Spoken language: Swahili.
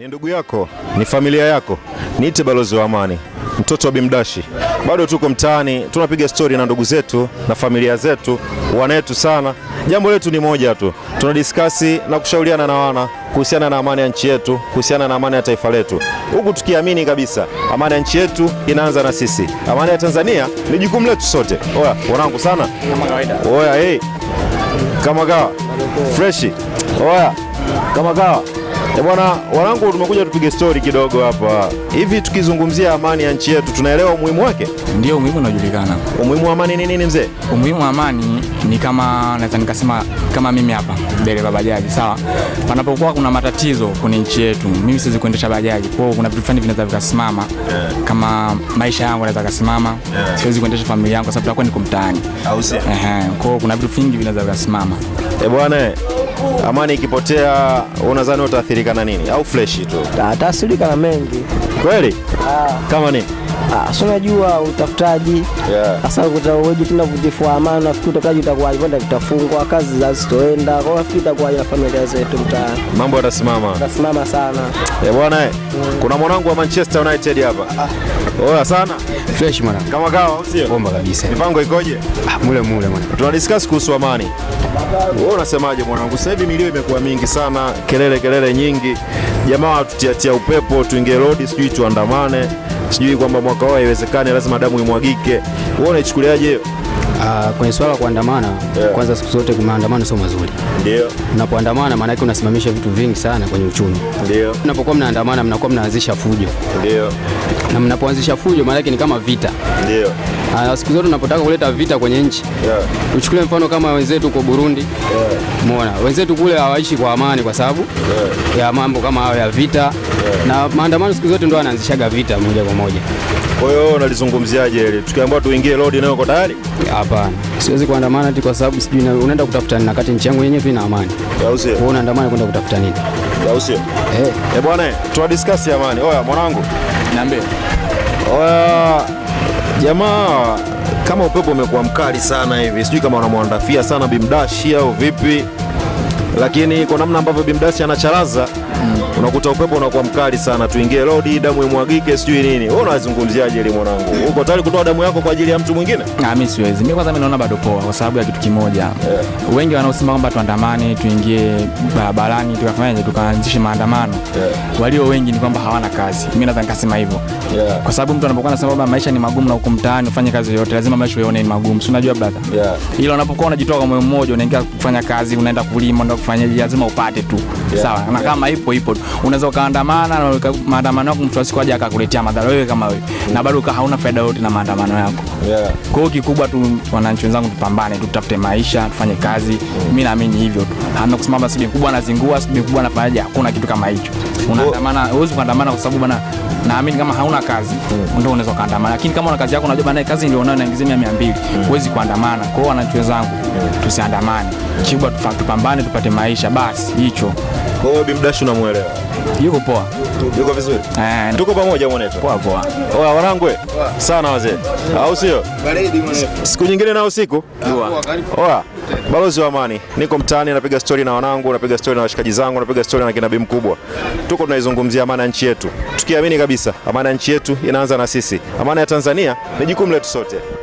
ni ndugu yako, ni familia yako. Niite balozi wa amani, mtoto wa Bimdashi. Bado tuko mtaani, tunapiga stori na ndugu zetu na familia zetu, wanetu sana. Jambo letu ni moja tu, tunadiskasi na kushauriana na wana kuhusiana na amani ya nchi yetu, kuhusiana na amani ya taifa letu, huku tukiamini kabisa amani ya nchi yetu inaanza na sisi. Amani ya Tanzania ni jukumu letu sote. Oya wanangu sana, kama kawaida. Oya hey, kama kawa freshi. Oya kama kawa Eh, bwana wanangu, tumekuja tupige stori kidogo hapa. Hivi tukizungumzia amani ya nchi yetu tunaelewa umuhimu wake? Ndio, umuhimu unajulikana. Umuhimu wa amani ni nini mzee? Umuhimu wa amani ni kama naweza nikasema kama mimi hapa dereva bajaji, sawa. Panapokuwa kuna matatizo kwenye nchi yetu, mimi siwezi kuendesha bajaji, kwa hiyo kuna vitu fulani vinaweza vikasimama, kama maisha yangu yanaweza kasimama, siwezi kuendesha familia yangu kwa sababu takuwa niko mtaani, au sio? Ehe, kwa hiyo kuna vitu vingi vinaweza vikasimama. Eh bwana amani ikipotea, unadhani utaathirika na nini au fleshi tu? Taathirika na mengi kweli. Ah. Kama nini? Ah, si unajua utafutaji hasa yeah. tena vujifu wa amani, nafikiri utafutaji utakuwa kwenda kitafungwa kazi za zitoenda. kwa hiyo nafikiri itakuwaje na familia zetu mtaani, mambo yatasimama yatasimama sana eh bwana mm. kuna mwanangu wa Manchester United hapa ah. oya sana fresh mwana kama kawa, sio bomba kabisa. mipango ikoje? ah, mule mule mwana, Tuna discuss kuhusu amani. Wewe unasemaje mwanangu, sasa hivi milio imekuwa mingi sana, kelele kelele nyingi, jamaa tutiatia upepo, tuingie road, sijui tuandamane sijui kwamba mwaka wao haiwezekani, lazima damu imwagike. Wewe unaichukuliaje? Uh, kwenye swala kuandamana yeah. Kwanza siku zote maandamano sio mazuri. Ndio. Unapoandamana maana yake unasimamisha vitu vingi sana kwenye uchumi. Ndio. Unapokuwa mnaandamana mnakuwa mnaanzisha fujo. Ndio na mnapoanzisha fujo maana yake ni kama vita. Ndio. Ah, siku zote tunapotaka kuleta vita kwenye nchi yeah. Tuchukulie mfano kama wenzetu kwa Burundi yeah. Umeona wenzetu kule hawaishi kwa amani kwa sababu yeah. ya mambo kama hayo ya vita yeah. Na maandamano siku zote ndio anaanzishaga vita moja kwa moja. Kwa hiyo unalizungumziaje hili? Tukiambiwa tuingie road nayo uko tayari? Hapana. Siwezi kuandamana eti kwa sababu sijui unaenda kutafuta nini, wakati nchi yangu yenyewe tu ina amani. Kwa unaandamana kwenda kutafuta nini? au sio? Eh. Eh, bwana, tuna discuss jamani. Oya mwanangu. Niambie. Oya jamaa kama upepo umekuwa mkali sana hivi, sijui kama wanamwandafia sana Bimdashi au vipi, lakini kwa namna ambavyo Bimdashi anacharaza mm unakuta upepo unakuwa mkali sana, tuingie rodi, damu imwagike, sijui nini. Wewe unazungumziaje ile mwanangu? Uko tayari kutoa damu yako kwa ajili ya mtu mwingine? Ah, mimi siwezi. Mimi kwanza, mimi naona bado poa, kwa sababu ya kitu kimoja yeah. Wengi wanaosema kwamba tuandamane, tuingie barabarani, tukafanyaje, tukaanzishe maandamano yeah. Walio wengi ni kwamba hawana kazi. Mimi nadhani kasema hivyo yeah. Kwa sababu mtu anapokuwa anasema kwamba maisha ni magumu na huko mtaani ufanye kazi yoyote, lazima maisha uone ni magumu, si unajua brother yeah. Ila unapokuwa unajitoa kwa moyo mmoja, unaingia kufanya kazi, unaenda kulima, unaenda kufanyaje, lazima upate tu yeah. Sawa na kama yeah. ipo ipo tu unaweza ukaandamana na maandamano yako mtu asiku asikuaje akakuletea madhara wewe kama wewe, na bado hauna faida yote na maandamano yako. Yeah. Kwa hiyo kikubwa tu, wananchi wenzangu, tupambane tutafute maisha, tufanye kazi. mm. Mimi naamini hivyo tu, hamna kusimama sibi bibi kubwa anazingua, sibi kubwa anafanyaje. Hakuna kitu kama hicho. Unaandamana, huwezi kuandamana kwa sababu bana naamini kama hauna kazi mm. ndio unaweza kaandamana, lakini kama una kazi yako, unajua bana, kazi ndio unayo naingizia mia mia mbili, mm. huwezi kuandamana. Kwa hiyo wananchi wenzangu, mm. tusiandamane, kikubwa tupambane, tupate maisha basi, hicho. Kwa hiyo Bimdash unamwelewa Yuko poa. Yuko vizuri. Eh, tuko pamoja mwanetu. Poa poa. Oya wanangu sana wazee. Au sio? Baridi mwanetu. Siku nyingine na usiku. Oya. Balozi wa amani, niko mtaani napiga stori na wanangu, napiga stori na washikaji zangu, napiga stori na kinabii mkubwa. Tuko tunaizungumzia amani ya nchi yetu, tukiamini kabisa amani ya nchi yetu inaanza na sisi. Amani ya Tanzania ni jukumu letu sote.